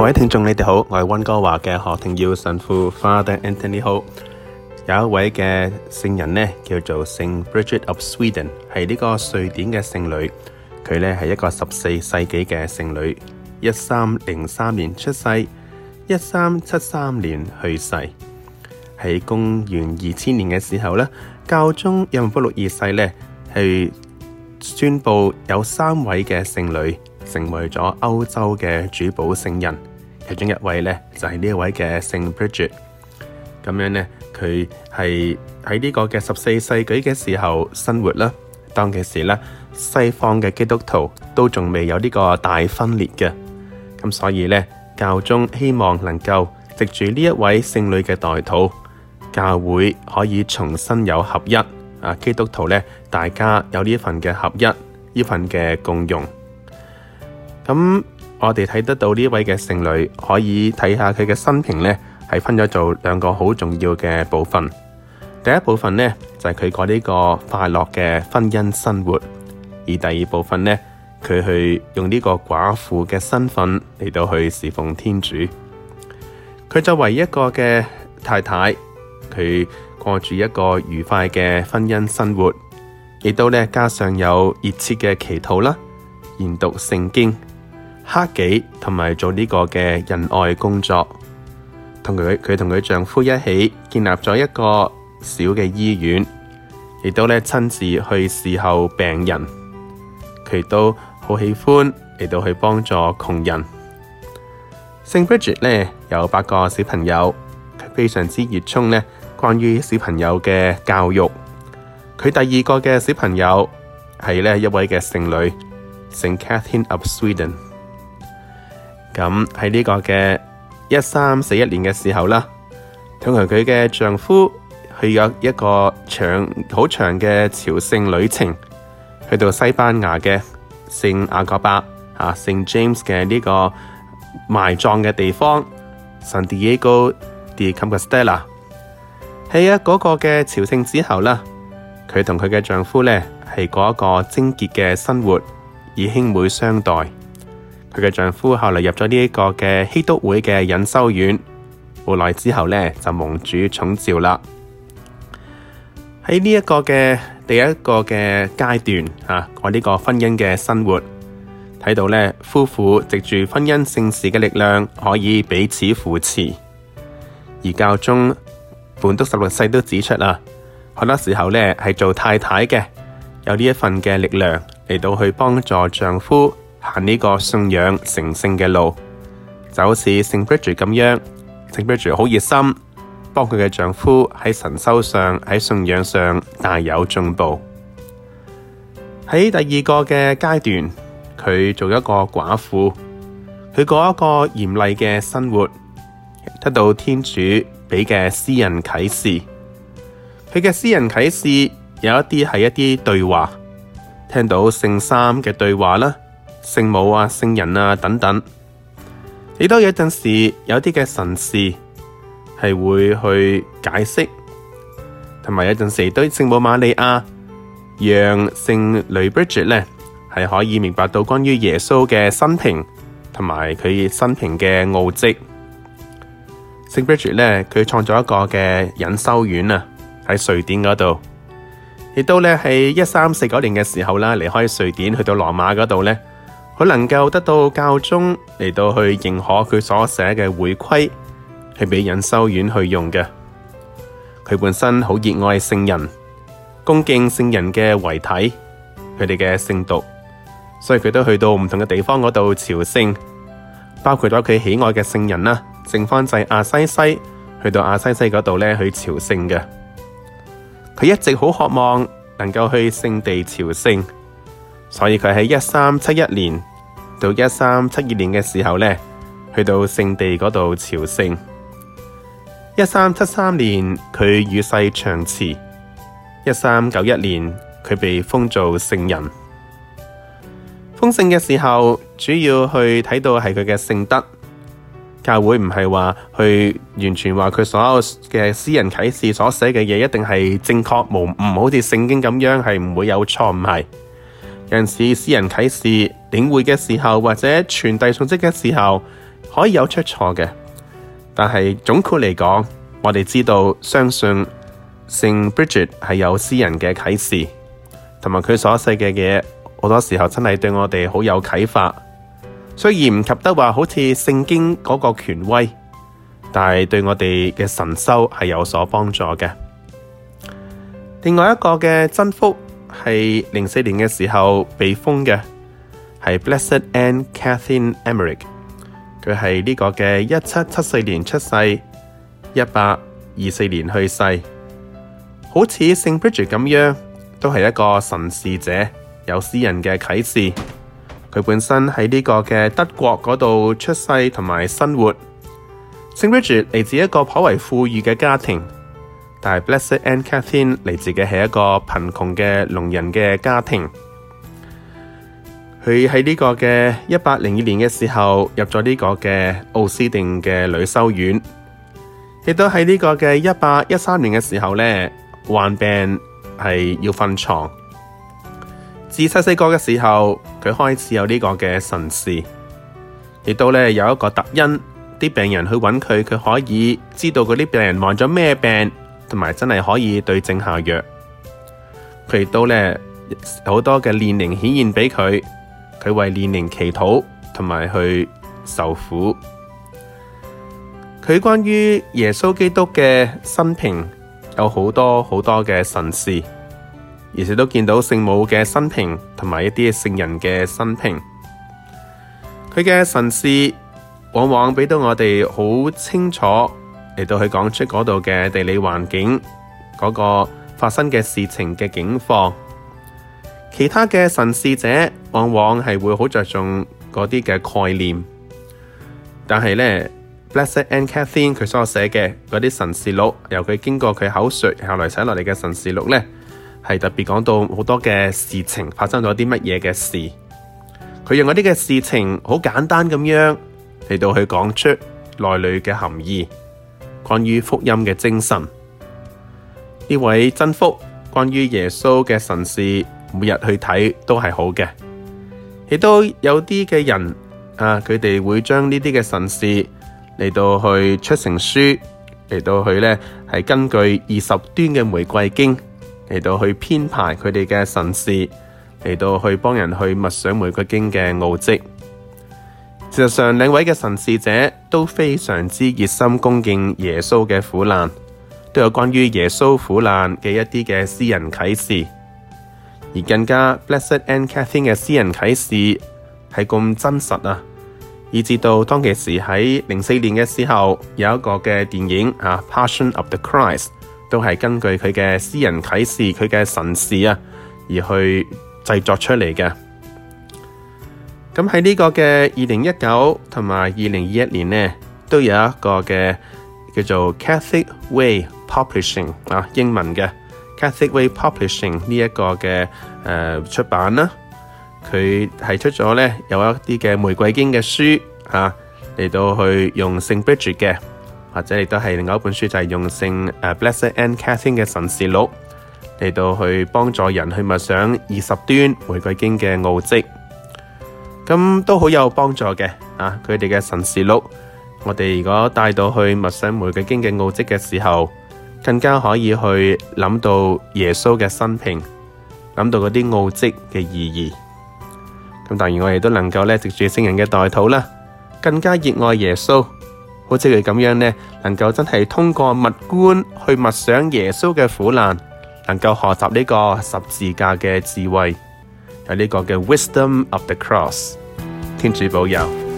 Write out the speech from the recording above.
各位聽眾，你哋好，我係溫哥華嘅何庭耀神父 Father Anthony Ho。好，有一位嘅聖人呢叫做聖 Bridget of Sweden，係呢個瑞典嘅聖女，佢呢係一個十四世紀嘅聖女，一三零三年出世，一三七三年去世。喺公元二千年嘅時候呢，教宗若望保祿二世呢係宣佈有三位嘅聖女成為咗歐洲嘅主保聖人。其中一位咧就係呢一位嘅聖彼濟達，咁樣咧佢係喺呢個嘅十四世紀嘅時候生活啦，當其時咧西方嘅基督徒都仲未有呢個大分裂嘅，咁所以咧教宗希望能夠藉住呢一位聖女嘅代土，教會可以重新有合一啊，基督徒咧大家有呢一份嘅合一呢份嘅共用，咁。我哋睇得到呢位嘅聖女，可以睇下佢嘅生平呢，係分咗做兩個好重要嘅部分。第一部分呢，就係佢過呢個快樂嘅婚姻生活，而第二部分呢，佢去用呢個寡婦嘅身份嚟到去侍奉天主。佢作為一個嘅太太，佢過住一個愉快嘅婚姻生活，亦都呢加上有熱切嘅祈禱啦，研讀聖經。克己同埋做呢個嘅仁愛工作，同佢佢同佢丈夫一起建立咗一個小嘅醫院，亦都咧親自去伺候病人。佢都好喜歡嚟到去幫助窮人。聖 Bridget 咧有八個小朋友，佢非常之熱衷呢關於小朋友嘅教育。佢第二個嘅小朋友係呢一位嘅聖女聖 Catherine of Sweden。在這個一三四一年的時候啦，同埋佢嘅丈夫去咗一個長好長的朝聖旅程，去到西班牙的聖雅各伯啊，聖 James 的這個埋葬的地方，San Diego de Campestella。喺啊嗰、那個嘅朝聖之後啦，佢同佢嘅丈夫咧係過一個貞潔的生活，以兄妹相待。佢嘅丈夫後嚟入咗呢一個嘅熙篤會嘅隱修院，無耐之後呢就蒙主寵召啦。喺呢一個嘅第一個嘅階段，吓、啊、我呢個婚姻嘅生活，睇到呢夫婦藉住婚姻聖事嘅力量，可以彼此扶持。而教宗本篤十六世都指出啊，好多時候呢係做太太嘅，有呢一份嘅力量嚟到去幫助丈夫。行呢個信仰成聖嘅路，就好似聖彼濟達咁樣。聖彼濟達好熱心，幫佢嘅丈夫喺神修上喺信仰上大有進步。喺第二個嘅階段，佢做一個寡婦，佢過一個嚴厲嘅生活，得到天主俾嘅私人啟示。佢嘅私人啟示有一啲係一啲對話，聽到聖三嘅對話啦。聖母啊、聖人啊等等，亦都有陣時有啲嘅神視係會去解釋，同埋有陣時對聖母瑪利亞，讓聖女 Bridget 咧，係可以明白到關於耶穌嘅生平，同埋佢生平嘅奧蹟。聖 Bridget 咧，佢創造一個嘅隱修院啊，喺瑞典嗰度，亦都咧係一三四九年嘅時候啦，離開瑞典去到羅馬嗰度咧。佢能夠得到教宗嚟到去認可佢所寫嘅會規，係俾隱修院去用嘅。佢本身好熱愛聖人，恭敬聖人嘅遺體，佢哋嘅聖髑，所以佢都去到唔同嘅地方嗰度朝聖，包括咗佢喜愛嘅聖人啦，聖方濟亞西西，去到亞西西嗰度咧去朝聖嘅。佢一直好渴望能夠去聖地朝聖，所以佢喺一三七一年，到一三七二年嘅時候呢，去到聖地嗰度朝聖。一三七三年佢與世長辭。一三九一年佢被封做聖人。封聖嘅時候，主要去睇到係佢嘅聖德。教會唔係話去完全話佢所有嘅私人啟示所寫嘅嘢一定係正確無誤，好似聖經咁樣係唔會有錯誤。係有陣時私人啟示。領會嘅時候或者傳遞信息嘅時候可以有出錯嘅，但係總括嚟講，我哋知道相信聖 Bridget 係有私人嘅啟示，同埋佢所寫嘅嘢，好多時候真係對我哋好有啟發。雖然唔及得話好似聖經嗰個權威，但係對我哋嘅神修係有所幫助嘅。另外一個嘅真福係零四年嘅時候被封嘅。係 Blessed Anne Catherine Emmerich 佢係呢個嘅一七七四年出世，一八二四年去世。好似聖 Bridget 咁樣，都係一個神視者，有私人嘅啟示。佢本身喺呢個嘅德國嗰度出世同埋生活。聖 Bridget 嚟自一個頗為富裕嘅家庭，但係 Blessed Anne Catherine 嚟自嘅係一個貧窮嘅農人嘅家庭。佢喺呢個嘅一八零二年嘅時候入咗呢個嘅奧斯定嘅女修院，亦都喺呢個嘅一八一三年嘅時候咧患病，係要瞓床。自細細個嘅時候，佢開始有個呢個嘅神視，亦都咧有一個特因啲病人去揾佢，佢可以知道嗰啲病人患咗咩病，同埋真係可以對症下藥。佢亦都咧好多嘅年齡顯現俾佢。佢為煉靈祈禱，同埋去受苦。佢關於耶穌基督嘅生平有好多好多嘅神視，而且都見到聖母嘅生平，同埋一啲聖人嘅生平。佢嘅神視往往俾到我哋好清楚嚟到去講出嗰度嘅地理環境，嗰、個發生嘅事情嘅境況。其他嘅神視者往往係會好着重嗰啲嘅概念，但係呢，Blessed Anne Catherine，佢所寫嘅嗰啲神事錄，由佢經過佢口述，後來寫落嚟嘅神事錄呢，係特別講到好多嘅事情發生咗啲乜嘢嘅事。佢用嗰啲嘅事情好簡單咁樣嚟到去講出內裏嘅含義，關於福音嘅精神。呢位真福，關於耶穌嘅神事，每日去睇都係好嘅。亦都有啲嘅人啊，佢哋會將呢啲嘅神視嚟到去出成書，嚟到去呢係根據二十端嘅玫瑰經嚟到去編排佢哋嘅神視，嚟到去幫人去默想玫瑰經嘅奧蹟。事實上，兩位嘅神視者都非常之熱心恭敬耶穌嘅苦難，都有關於耶穌苦難嘅一啲嘅私人啟示。而更加 Blessed Anne Catherine 嘅私人啟示係咁真實啊！以至到當其時喺零四年嘅時候，有一個嘅電影啊，《Passion of the Christ》都係根據佢嘅私人啟示、佢嘅神視啊，而去製作出嚟嘅。咁喺呢個嘅二零一九同埋二零二一年呢，都有一個嘅叫做 Catholic Way Publishing 啊，英文嘅。Catholic Way Publishing 呢一個嘅誒、呃、出版啦，佢係出咗呢，有一啲嘅玫瑰經嘅書啊，嚟到去用聖 Bridget 嘅，或者亦都係另外一本書就係用聖誒、啊、Blessed Anne Catherine 嘅神事錄嚟到去幫助人去默想二十端玫瑰經嘅奧跡，咁都好有幫助嘅啊！佢哋嘅神事錄，我哋如果帶到去默想玫瑰經嘅奧跡嘅時候，更加可以去諗到耶穌嘅生平，諗到嗰啲奧蹟嘅意義。咁，當然我哋都能夠咧，藉住聖人嘅代禱啦，更加熱愛耶穌，好似佢咁樣咧，能夠真係通過默觀去默想耶穌嘅苦難，能夠學習呢個十字架嘅智慧，有呢個嘅 Wisdom of the Cross。天主保佑。